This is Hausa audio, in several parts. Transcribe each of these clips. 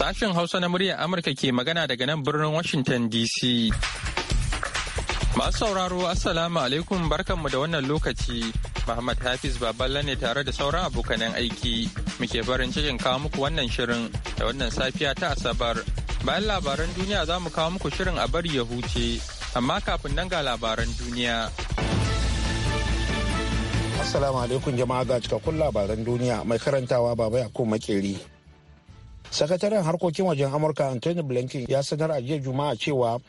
Sashen Hausa na muryar Amurka ke magana daga nan birnin Washington DC. Masu sauraro Assalamu alaikum barkanmu da wannan lokaci. Muhammad Hafiz Baballa ne tare da sauran abokanen aiki. Muke barin cikin kawo muku wannan shirin da wannan safiya ta Asabar. Bayan labaran duniya za mu kawo muku shirin a bari ya huce. Amma kafin nan ga labaran duniya. Assalamu alaikum jama'a ga cikakkun labaran duniya mai karantawa baba Yakubu Makeri. sakataren harkokin wajen amurka anthony blinken ya sanar a jiya juma'a cewa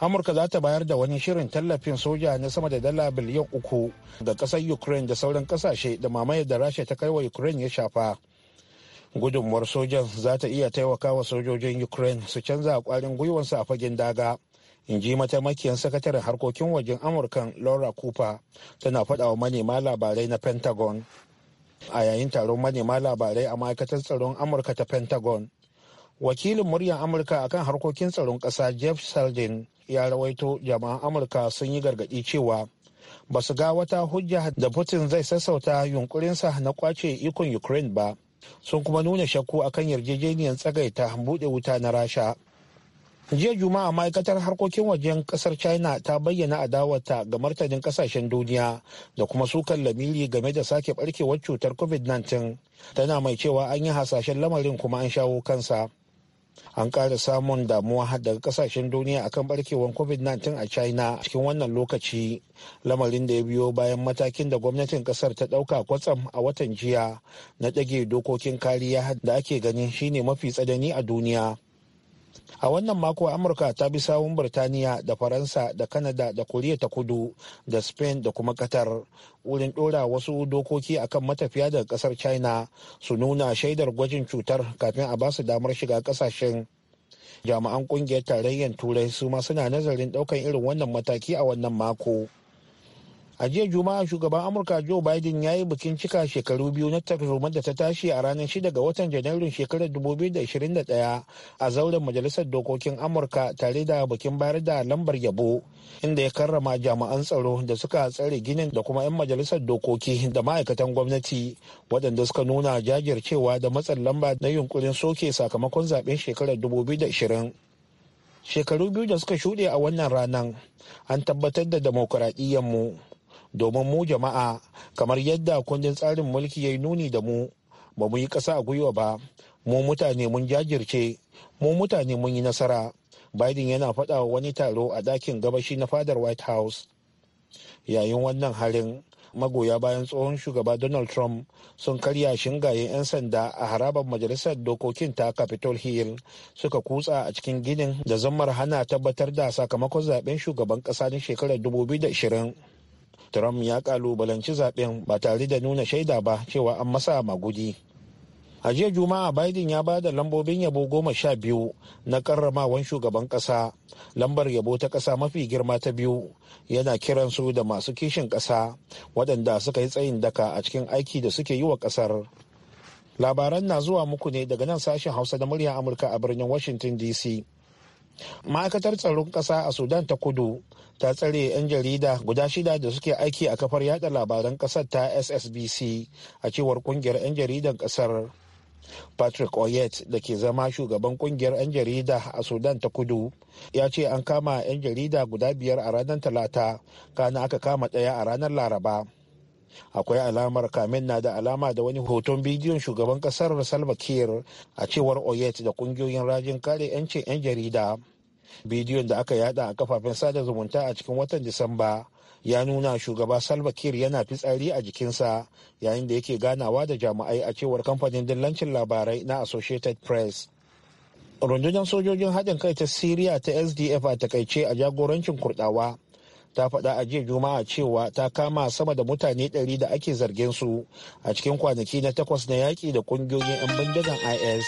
amurka za ta bayar da wani shirin tallafin soja na sama da dala biliyan uku ga kasar ukraine da sauran kasashe da mamayar da rasha ta kai wa ukraine ya shafa gudunmuwar sojan za ta iya taimaka wa sojojin ukraine su canza kwarin gwiwansu a fagen daga in ji mataimakiyar sakataren harkokin wajen amurkan laura cooper tana faɗa wa manema labarai na pentagon a yayin taron manema labarai a ma'aikatar tsaron amurka ta pentagon wakilin muryar amurka akan harkokin tsaron ƙasa jeff saldin ya rawaito jama'an amurka sun yi gargaɗi cewa ba su ga wata hujja da putin zai sassauta yunkurinsa na kwace ikon ukraine ba sun kuma nuna shakku akan yarjejeniyar tsagaita buɗe wuta na rasha jiya juma'a ma'aikatar harkokin wajen kasar china ta bayyana dawata ga martanin kasashen duniya da kuma sukan lamiri game da sake barkewar cutar covid-19 tana mai cewa an yi hasashen lamarin kuma an shawo kansa an ƙara samun damuwa daga kasashen duniya akan barkewar covid-19 a china a cikin wannan lokaci lamarin da ya biyo bayan matakin da gwamnatin kasar ta ɗauka kwatsam a watan jiya na ɗage dokokin kariya da ake ganin shine mafi tsanani a duniya a wannan mako amurka ta bi sawun birtaniya da faransa da kanada da koriya ta kudu da spain da kuma qatar wurin dora wasu dokoki akan matafiya daga kasar china su nuna shaidar gwajin cutar kafin a ba su damar shiga kasashen jami'an kungiyar tarayyar turai su ma suna nazarin daukan irin wannan mataki a wannan mako a jiya juma'a shugaban amurka joe biden ya yi bikin cika shekaru biyu na tarzoma da ta tashi a ranar 6 ga watan janairun shekarar 2021 a zauren majalisar dokokin amurka tare da bikin bayar da lambar yabo inda ya karrama jami'an tsaro da suka tsare ginin da kuma 'yan majalisar dokoki da ma'aikatan gwamnati waɗanda suka nuna jajircewa da matsan lamba na yunkurin soke sakamakon zaben shekarar 2020 shekaru biyu da suka shuɗe a wannan ranar an tabbatar da mu domin mu jama'a kamar yadda kundin tsarin mulki ya yi nuni da mu ba mu yi ƙasa a gwiwa ba mu mutane mun jajirce mu mutane mun yi nasara biden yana faɗa wa wani taro a ɗakin gabashi na fadar white house yayin wannan harin magoya bayan tsohon shugaba donald trump sun karya shingayen 'yan sanda a harabar majalisar dokokin ta capitol hill suka kutsa a cikin ginin da zammar hana tabbatar da sakamakon zaben shugaban kasa na shekarar 2020 trump ya kalubalanci zaben ba tare da nuna shaida ba cewa an masa magudi a jiya juma'a biden ya ba da lambobin yabo goma sha biyu na karramawan shugaban ƙasa lambar yabo ta ƙasa mafi girma ta biyu yana kiran su da masu kishin ƙasa waɗanda suka yi tsayin daka a cikin aiki da suke yi wa kasar labaran na zuwa muku ne daga nan sashen hausa da muryar amurka a birnin washington dc ma'aikatar tsaron ƙasa a sudan ta kudu ta tsare 'yan jarida guda shida da suke aiki a kafar yada labaran ƙasar ta ssbc a cewar kungiyar 'yan jaridan ƙasar patrick oyet da ke zama shugaban kungiyar 'yan jarida a sudan ta kudu ya ce an kama 'yan jarida guda biyar a ranar talata kana aka kama ɗaya a ranar laraba akwai alamar kamen na da alama da wani hoton bidiyon shugaban kasar salva kiir a cewar oyet da kungiyoyin rajin kare 'yancin 'yan jarida bidiyon da aka yada a kafafen sada zumunta a cikin watan disamba ya nuna shugaba salva kiir yana fitsari a jikinsa yayin da yake ganawa da jami'ai a cewar kamfanin dillancin labarai na associated press rundunar sojojin haɗin kai ta siriya ta sdf a takaice a jagorancin kurdawa ta faɗa a jiya juma'a cewa ta kama sama da mutane 100 da ake zargin su a cikin kwanaki na takwas na yaƙi da ƙungiyoyin 'yan bindigan is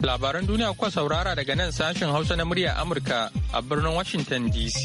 labaran duniya kuka saurara daga nan sashen hausa na murya amurka a birnin washington dc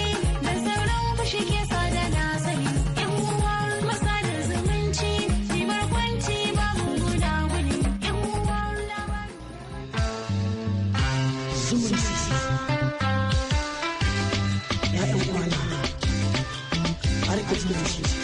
zumunci ya'yan kwana a rika zumunci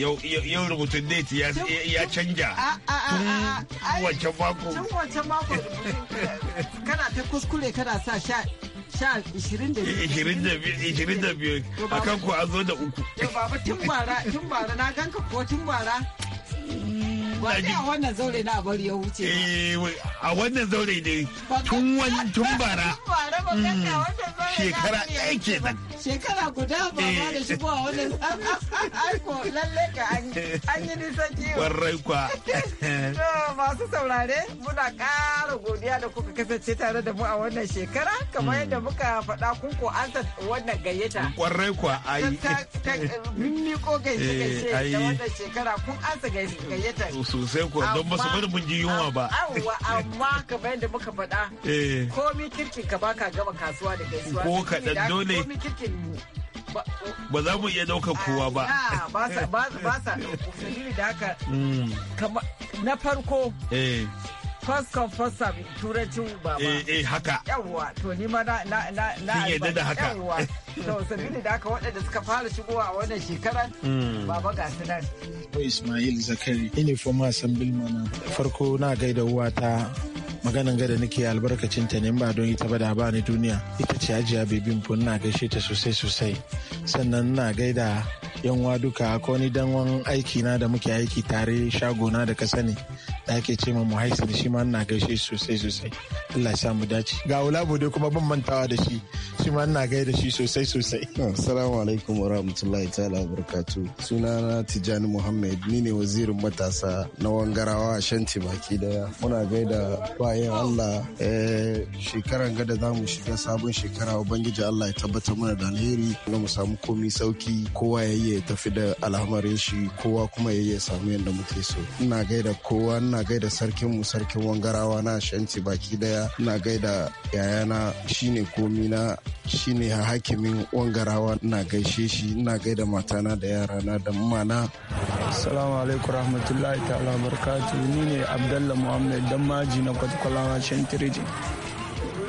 yau rubutun date ya canja tun wancan mako tun wancan mako kana ta kuskure kana sa sha sha ishirin da biyu a kan ku an zo da uku. Yau baba tun bara tun bara na ganka ko tun bara ina a wannan zaure na bari ya wuce eh, a wannan zaure ne tun wani tun bara mm, shekara ɗaya ke nan shekara guda ba ba eh. da shigo a wannan aiko lalle ka an yi nisan kiwo. warrai kwa masu saurare muna ƙara godiya da kuka kasance tare da mu a wannan shekara kamar mm. yadda muka faɗa kun ko an wannan gayyata warrai kwa ai miƙo gaishe gaishe eh, da wannan shekara kun an gayyata sosai ko don ba su bari mun ji yunwa ba awwa amma kamar yadda muka faɗa eh. komi kirkin ka baka gaba kasuwa da gaisuwa ko kaɗan dole komi kirkin mu. ba za mu iya ɗaukar kowa ba ba sa ba sa ba sa da haka hmm. na farko eh. first come first serve turancin baba eh eh haka Yawwa to ni ma na na na Kin yadda da haka Yawwa. to sabili da aka waɗanda suka fara shigowa a wannan shekarar hmm. baba ga su nan ismail zakari ne former assembly mana farko na gaida uwata maganan gada nake albarkacin ta ne ba don ita ba da ba ni duniya ita ce ajiya bibin fun na gaishe ta sosai sosai sannan na gaida yan wa duka akwai ni danwan aiki na da muke aiki tare shago na da ka sani da ake ce mu haisa shi ma ina gaishe sosai sosai Allah ya samu dace ga ulabo dai kuma ban mantawa da shi shi ma gaida shi sosai sosai sosai. Assalamu alaikum wa rahmatullahi ta'ala wa barakatu. Sunana Tijani Muhammad ni ne wazirin matasa na wangarawa a shanti baki daya. Muna gaida bayan Allah eh, shekaran gada za mu shiga sabon shekara Ubangiji Allah ya tabbatar mana da alheri na mu samu komi sauki kowa ya yi tafi da al'amarin shi kowa kuma ya yi samu yadda muke so. Ina gaida kowa ina gaida sarkin mu sarkin wangarawa na shanti baki daya ina gaida yayana shine komi na shine hakimi birnin wangarawa na gaishe shi na gaida matana da yarana da mana salamu alaikum rahmatullahi ta'ala barkatu ni ne abdallah muhammad dan maji na kwatakwalawa shantiriji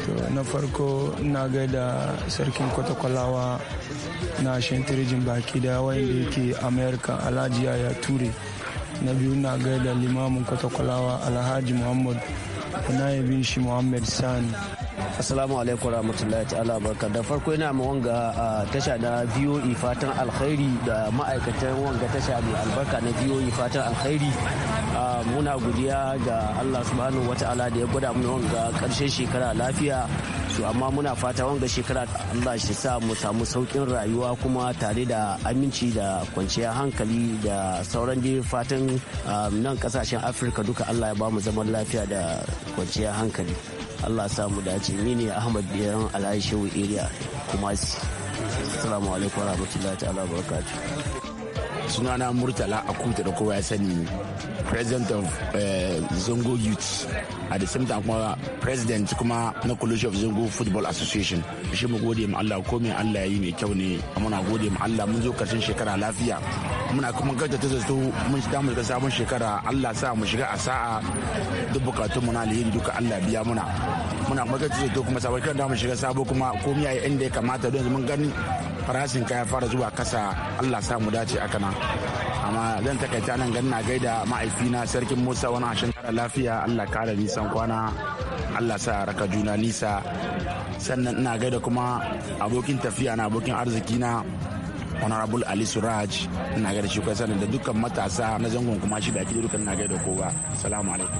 to na farko na gaida sarkin kwatakwalawa na shantirijin baki da wanda yake amerika alhaji ya ture na biyu na gaida limamin kwatakwalawa alhaji muhammad na bin shi muhammad sani Assalamu alaikum warahmatullahi ta'ala barka da farko yana ma wanga tasha na VOA e fatan alkhairi da ma'aikatan wanga tasha mai albarka na VOA e fatan alkhairi muna godiya ga Allah subhanahu wata'ala da ya gwada mu wanga karshen shekara lafiya su amma muna fata wanga shekara Allah shi sa mu samu saukin rayuwa kuma tare da aminci da kwanciyar hankali da sauran dai fatan nan kasashen Afirka duka Allah ya ba mu zaman lafiya da kwanciyar hankali. Allah sa mu dace ni ne Ahmad Biyan Alhaji Shehu Area Kumasi. Assalamu alaikum warahmatullahi ta'ala barakatuh. sunana murtala kuta da kowa ya sani president of eh, zongo youth a the same time kuma president kuma na college of zongo football association shi mu gode ma Allah ko mai Allah yi mai kyau ne muna gode ma Allah mun zo karshen shekara lafiya muna kuma gaja ta zato mun shiga mu sabon shekara Allah sa mu shiga a sa'a duk bukatun mu na alheri duka Allah biya muna muna kuma gaja ta zato kuma sabon shekara da mu shiga sabo kuma komai yi inda ya kamata don mun gani farashin kaya fara zuwa kasa allah samu dace a kana amma zan takaita nan ganna gaida ma'aifina sarkin musa wani ashin kara lafiya allah kara nisan kwana allah sa raka juna nisa sannan ina gaida kuma abokin tafiya na abokin arziki na honorable ali suraj ina gaida shi kai sanin da dukkan matasa na zangon kuma shi da ake dukkan ina gaida kowa salamu alaikum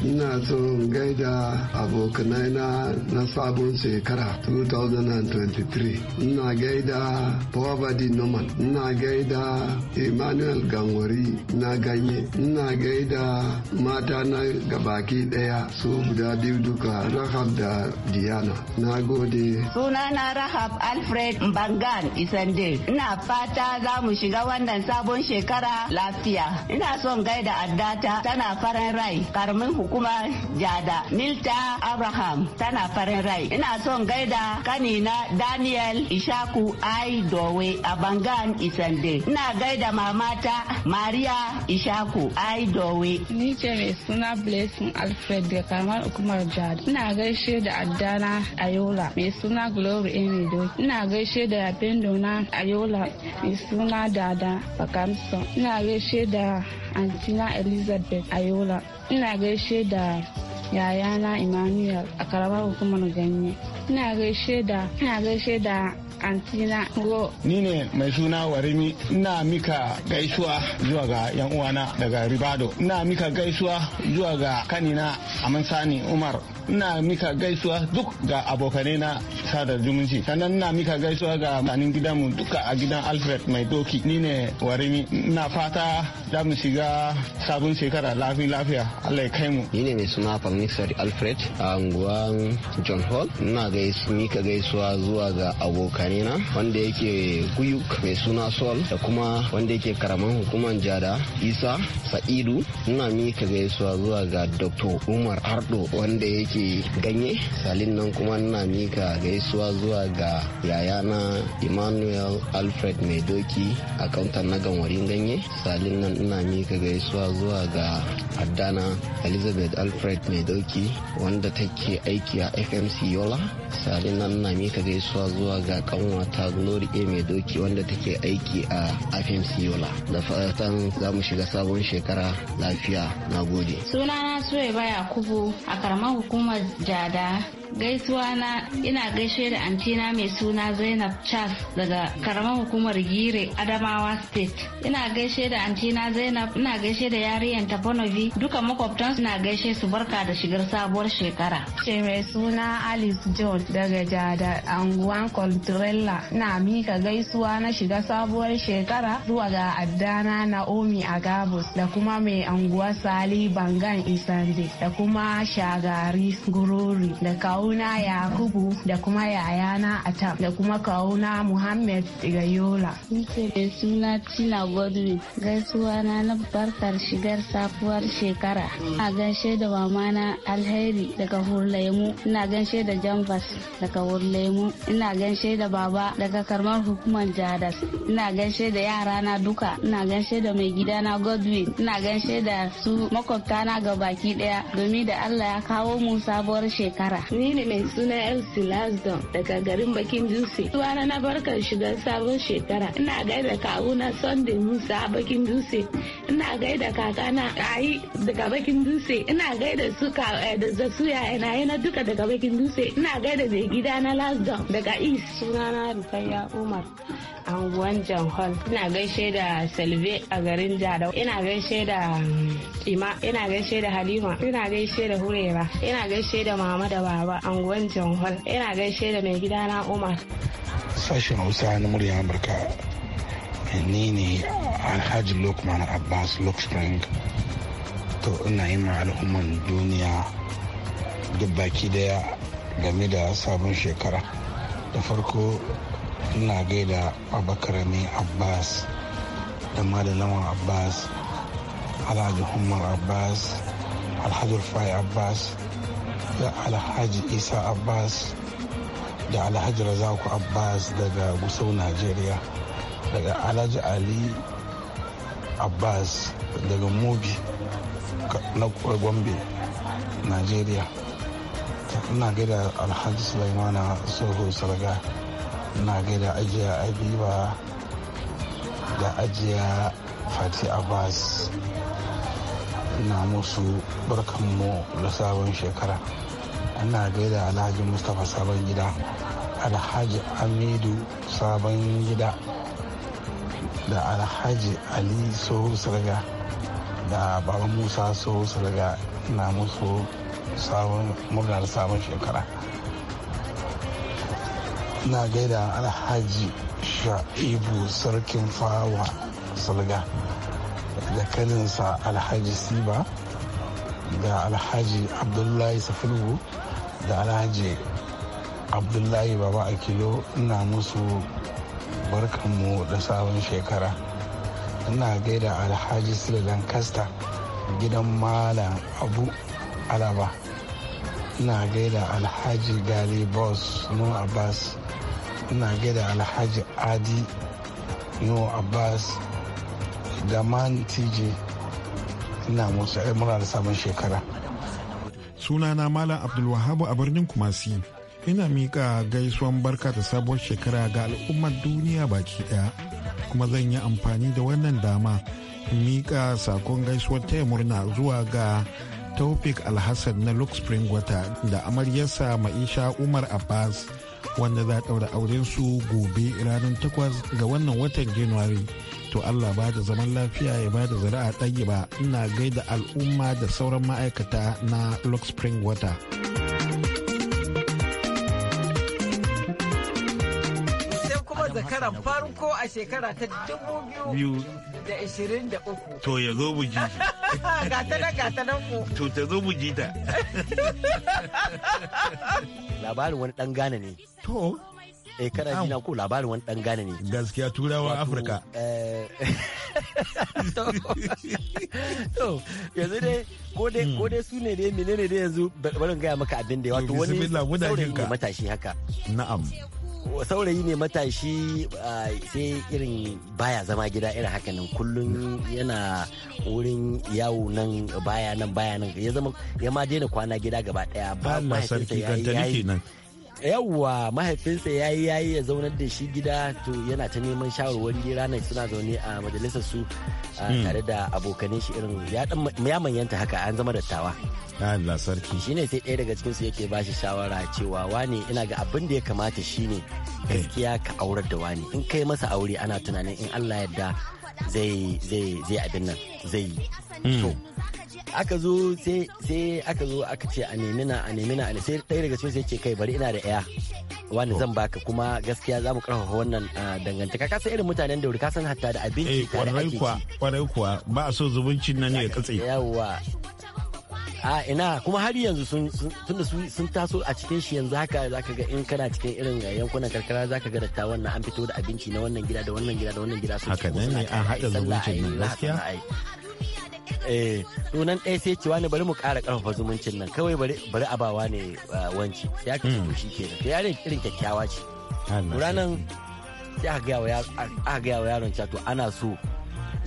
那种人家。abokanai na na sabon shekara 2023 ina gaida poverty norman ina gaida emmanuel gangwari na ganye ina gaida mata na gabaki daya su guda biyu duka rahab da diana na gode sunana rahab alfred mbangan isande ina fata za mu shiga wannan sabon shekara lafiya ina son gaida addata tana farin rai karamin hukuma jada milta Abraham tana farin rai. Ina son gaida kanina Daniel Ishaku Ai Dowe a Bangan Isande. Ina gaida mamata Maria Ishaku Ai Dowe. Ni ce mai suna Blessing Alfred da Kamal Hukumar Jihar. Ina gaishe da adana Ayola mai suna Glory Emido. Ina gaishe da Pendo na Ayola mai suna Dada Bakamson. Ina gaishe da Antina Elizabeth Ayola. Ina gaishe da yayana Emmanuel a karamar hukumar ganye. Ina gaishe da ina gaishe da antina go. Ni ne mai suna Warimi ina mika gaisuwa zuwa ga yan uwana daga Ribado. Ina mika gaisuwa zuwa ga kanina Amansani Umar. Ina mika gaisuwa duk ga abokanai sada zumunci sannan na mika gaisuwa ga manin mu duka a gidan alfred mai doki ni ne warimi na fata za mu shiga sabon shekara lafi lafiya allah ya kai mu ni ne mai suna farnisar alfred a unguwan john hall Na gaisu mika gaisuwa zuwa ga abokanina wanda yake guyuk mai suna sol da kuma wanda yake karaman hukumar jada isa sa'idu na mika gaisuwa zuwa ga dr umar ardo wanda yake ganye salin nan kuma na mika gaisuwa gaisuwa zuwa ga yayana Emmanuel Alfred Mai Doki akauntan na ganwarin ganye. Salin nan ina mika gaisuwa zuwa ga addana Elizabeth Alfred Mai Doki wanda take aiki a FMC Yola. Salin nan ina mika gaisuwa zuwa ga kanwata Glory A Mai Doki wanda take aiki a FMC Yola. Da fatan za mu shiga sabon shekara lafiya. Na gode. Sunana Suwaiba Yakubu a hukumar Jada gaisuwa na ina gaishe da antina mai suna zainab charles daga karamar hukumar gire adamawa state ina gaishe da antina zainab ina gaishe da yariyan tafonovi duka makwabtansu na gaishe su barka da shigar sabuwar shekara ce mai suna alice john daga jada anguwan coltrella na mika gaisuwa na shiga sabuwar shekara zuwa ga addana naomi agabus da kuma mai anguwa sali bangan isande da kuma shagari gurori da kawo kawuna yakubu da kuma yayana atam da kuma kawuna muhammad yola. nike da suna tina godwin gaisuwa na na barkar shigar safuwar shekara ina ganshe da mamana alheri daga hurlemu ina ganshe da jambas daga hurlemu ina ganshe da baba daga karmar hukumar jadas ina ganshe da yara na duka ina ganshe da mai gida na godwin ina ganshe da su makwabta na ga baki daya domin da allah ya kawo mu sabuwar shekara ni ni ne mai suna Elsie Lasdon daga garin Bakin Dutse. Tuwana na barkar shigar sabon shekara. Ina gaida kawuna Sunday Musa Bakin Dutse. Ina gaida kakana Ayi daga Bakin Dutse. Ina gaida su eh, da zasuya ina na duka daga Bakin Dutse. Ina gaida mai gida na Lasdon daga East. Sunana Rukayya Umar. anguwan Hall. Ina gaishe da Salve a garin Jadau. Ina gaishe da Kima. Um, ina gaishe da Halima. Ina gaishe da Hurera. Ina gaishe da Mama da Baba anguwan Hall. Ina gaishe da mai gida na Umar. Sashen Hausa na murya Amurka. Ni ne Alhaji Lokman Abbas Lokspring. To ina yi ma al'umman duniya duk baki daya game da sabon shekara. Da farko ina gaida abakar ne abbas da madalawan abbas alhaji umar abbas alhaji rufai abbas da alhaji isa abbas da alhaji razaku abbas daga gusau Nigeria, daga alhaji ali abbas daga mobi na gombe najeriya ina gaida alhaji sulaimana soho sarga na gaida ajiya abiba da ajiya fati abbas na musu barkanmu da sabon shekara ana gaida alhaji mustapha sabon gida alhaji amidu sabon gida da alhaji ali soho sarga da baba musa soho sarga na musu sabon murnar sabon shekara na gaida alhaji sha'ibu sarkin fawa salga da kaninsa alhaji siba da alhaji abdullahi safilbu da alhaji abdullahi baba a kilo ina musu barkanmu da sabon shekara ina gaida alhaji sila lancaster gidan malam abu alaba ina gaida alhaji gali boss nun abbas ina gada alhaji adi yo abbas da man tj ina musu eh, murna da sabon shekara sunana malam abdulwahabu a birnin kumasi ina miƙa gaisuwan barka da sabuwar shekara ga al'ummar duniya baki daya kuma zan yi amfani da wannan dama miƙa sakon gaisuwar taya murna zuwa ga taufik alhassan na luke water da amaryarsa maisha umar abbas wanda za a ɗaura auren su gobe ranar takwas ga wannan watan januari to allah ba da zaman lafiya ya ba da zara'a ɗage ba ina gaida al'umma da sauran ma'aikata na lock spring water shekaran farko a shekara ta dubu biyu da ishirin da uku. To ya zo buji. Gata nan gata nan ku. To ta zo buji ta. Labarin wani ɗan Ghana ne. To. Eh kana jina ko labarin wani ɗan Ghana ne. Gaskiya turawa Afirka. Eh, to yanzu dai ko dai hmm. ko dai su ne dai menene dai yanzu barin gaya maka abin da wato wani saurayi matashi haka. Na'am. saurayi ne matashi sai irin baya zama gida irin haka nan kullum yana wurin yawo nan baya nan baya nan ya zama ya ma daina kwana gida gaba daya ba ma sarki nan. yawwa mahaifinsa ya yi yayi ya zaunar da shi gida to yana ta neman shawarwari ranar suna zaune a majalisar su hmm. tare da abokanin shi irin ya manyanta haka an zama dattawa Allah sarki shine sai ɗaya daga cikin su yake bashi shawara cewa wane ina ga abin da ya kamata shi ne gaskiya ka aurar da wani in kai masa aure ana tunanin in Allah yadda zai zai abin nan zai yi hmm. aka zo sai aka zo aka ce a nemi na a nemi na sai ɗaya daga cikin sai ce kai bari ina da ɗaya wani zan baka kuma gaskiya za mu ƙarfafa wannan dangantaka ka san irin mutanen da wuri ka san hatta da abinci eh, tare ake ci kwarai kuwa ba a so zubuncin nan ya katse yawa a ina kuma har yanzu sun da sun taso a cikin shi yanzu haka zaka ga in kana cikin irin yankunan karkara zaka ga datta wannan an fito da abinci na wannan gida da wannan gida da wannan gida sun haka ne an haɗa zubuncin nan gaskiya eh sunan ɗaya sai ce wani bari mu ƙara ƙarfafa zumuncin nan kawai bari abawa ne ah, wanci sai aka ce hmm. shi kenan to yaron irin kyakkyawa ce ranan sai aka gaya wa yaron cewa to ana so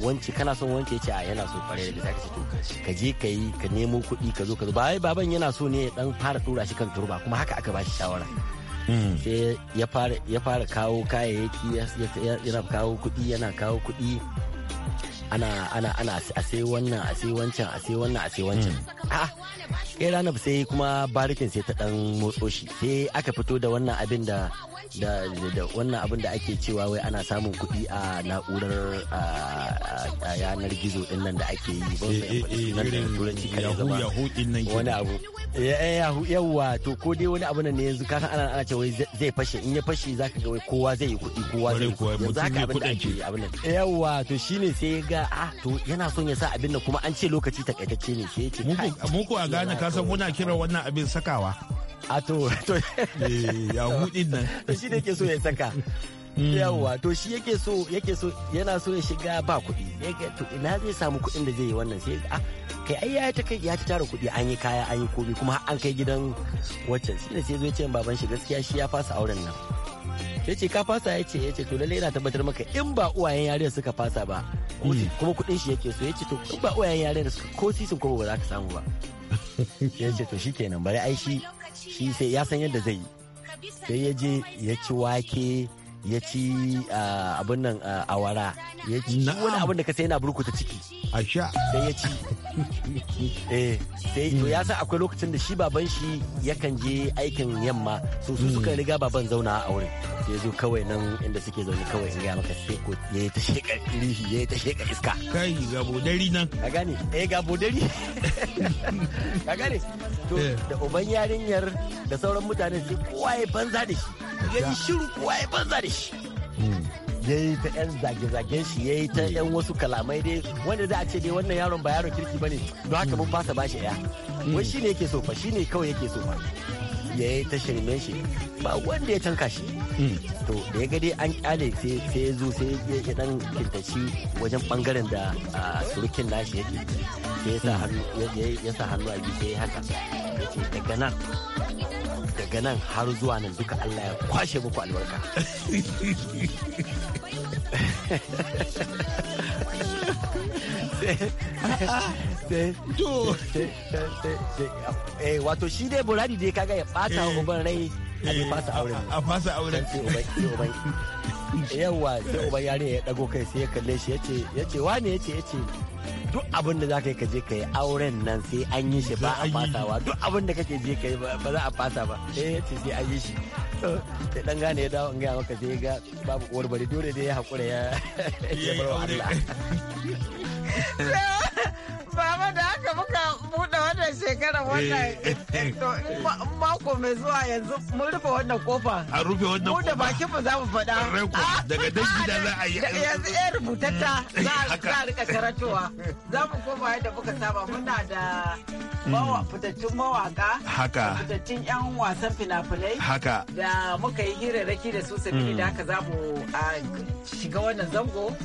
wanci kana son wanci a yana so kwarai da zaka ce to ka je ka yi ka nemo kuɗi ka zo ka zo ba baban yana so ne dan fara tura shi kan turba kuma haka aka bashi shawara hmm. sai ya fara kawo kayayyaki yana kawo kuɗi yana kawo kuɗi ana ana ana a sai wannan a sai wancan a sai wannan a sai wancan hmm. a eh ranar sai kuma barikin sai ta dan motso shi sai aka fito da wannan abin da da wannan abin da ake cewa wai ana samun kuɗi a na'urar a yanar gizo din nan da ake yi ba eh, eh, eh, turanci kan zama wani abu yawwa to ko dai wani abu ne yanzu kasan ana ana cewa zai fashe in ya fashe zaka ga wai kowa zai yi kuɗi kowa zai yi kuɗi yanzu haka abin da ake yi abin nan yawwa to shine sai ga a ah, to yana son ya sa abin nan kuma an ce lokaci takaitacce ne shi yace muku a gane ka san muna kiran wannan abin sakawa a ah, to to eh, ya hudin nan shi ne ke so ya saka hmm. yawa to shi yake so yake so yana so ya shiga ba kuɗi to ina zai samu kuɗin da zai yi wannan sai a ah, kai ai ya ta kai ya ta tara kuɗi an yi kaya an yi komai kuma an kai gidan waccan shi ne sai zo ya ce baban shi gaskiya shi ya fasa auren nan ya ce ka fasa ya ce ya ce to lalle ina tabbatar maka in ba uwayen yaren suka fasa ba hmm. kuma kudin shi yake so ya ce to in ba uwayen da su ko sisin kuma ba za ka samu ba ya ce to shikenan bari ai shi shi sai ya san yadda zai yi sai ya je ya ci wake ya ci abin nan awara ya ci wani abin da ka sai yana burkuta ciki sai ya ci eh to ya san akwai lokacin da shi baban shi yakan je aikin yamma su su suka riga baban zauna a wurin ya zo kawai nan inda suke zaune kawai in ga maka sai ko ya ta sheka rihi ya ta sheka iska kai ga bodari nan ka gane eh ga bodari ka gane to eh. da uban yarinyar da sauran mutane su kowa ya banza da shi ya ji shiru kowa ya banza da shi hmm. ya yi ta yan zage-zagen shi ya yi ta yan wasu kalamai dai wanda za a ce dai wannan yaron ba yaron kirki bane don haka mun fasa bashi ya hmm. wai shine yake so fa ne kawai yake so fa ya yi ta shirme shi ba wanda ya canka shi hmm. to da ya gade an kyale sai ya zo sai ya dan kintaci wajen bangaren da surukin nashi yake sai ya sa hannu a biyu ya haka ya ce daga nan daga nan har zuwa nan duka Allah ya kwashe muku albarka wato shi dai buradi dai kaga ya fata wa uban rai a fasa aure. a fasa auren yawa sai uban yare ya dago kai sai ya kalle shi yace yace wane ya ce duk abin da za ka yi ka je ka yi auren nan sai an yi shi ba a fasawa duk abin da kake je ka yi ba za a fasa ba sai ya ce sai an yi shi sai dan gane ya dawo in gaya maka sai ga babu uwar bari dole dai ya hakura ya bar wa Allah Baba da haka muka buɗe wannan shekarar wannan eh. mako mai zuwa yanzu mun rufe wannan kofa. A rufe wannan kofa. da bakin mu za mu faɗa. Daga dangi da za a yi. Yanzu rubuta eh, rubutatta hmm. za a eh, rika karatuwa Za mu koma yadda muka saba muna da hmm. fitattun mawaka. Haka. Fitattun 'yan wasan fina-finai. Haka. Da muka yi hirarraki da su sabili da haka za mu shiga wannan zango.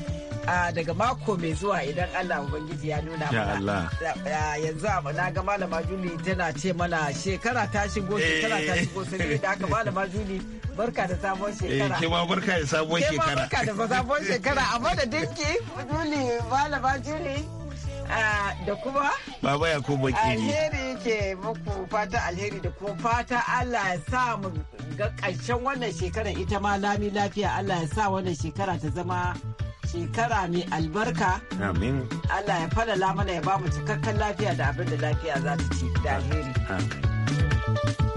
daga mako mai zuwa idan Allah Ubangiji ya nuna mana. Yanzu abu na ga malama Juli tana ce mana shekara ta shigo shekara ta shigo sai da aka malama Juli barka da sabon eh, shekara. Ke ma barka da sabon shekara. Ke ma barka da sabon shekara amma da dinki Juli malama Juli. da kuma baba ya kuma kiri alheri ke muku fata alheri da kuma fata Allah ya sa mu ga ƙarshen wannan shekara ita ma lami lafiya Allah ya sa wannan shekara ta zama shekara mai albarka. Amin. Allah ya falala mana ya ba mu cikakken lafiya da abin da lafiya za ta ci da alheri.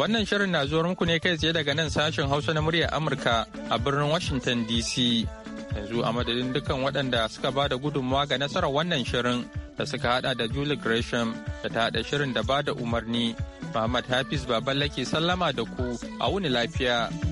Wannan shirin na zuwa muku ne kai tsaye daga nan sashen Hausa na muryar Amurka a birnin Washington DC. Yanzu a madadin dukkan waɗanda suka ba da gudunmawa ga nasarar wannan shirin da suka hada da Julie Gresham da ta hada shirin da ba da umarni. Muhammad Hafiz Baballake sallama da ku a wuni lafiya.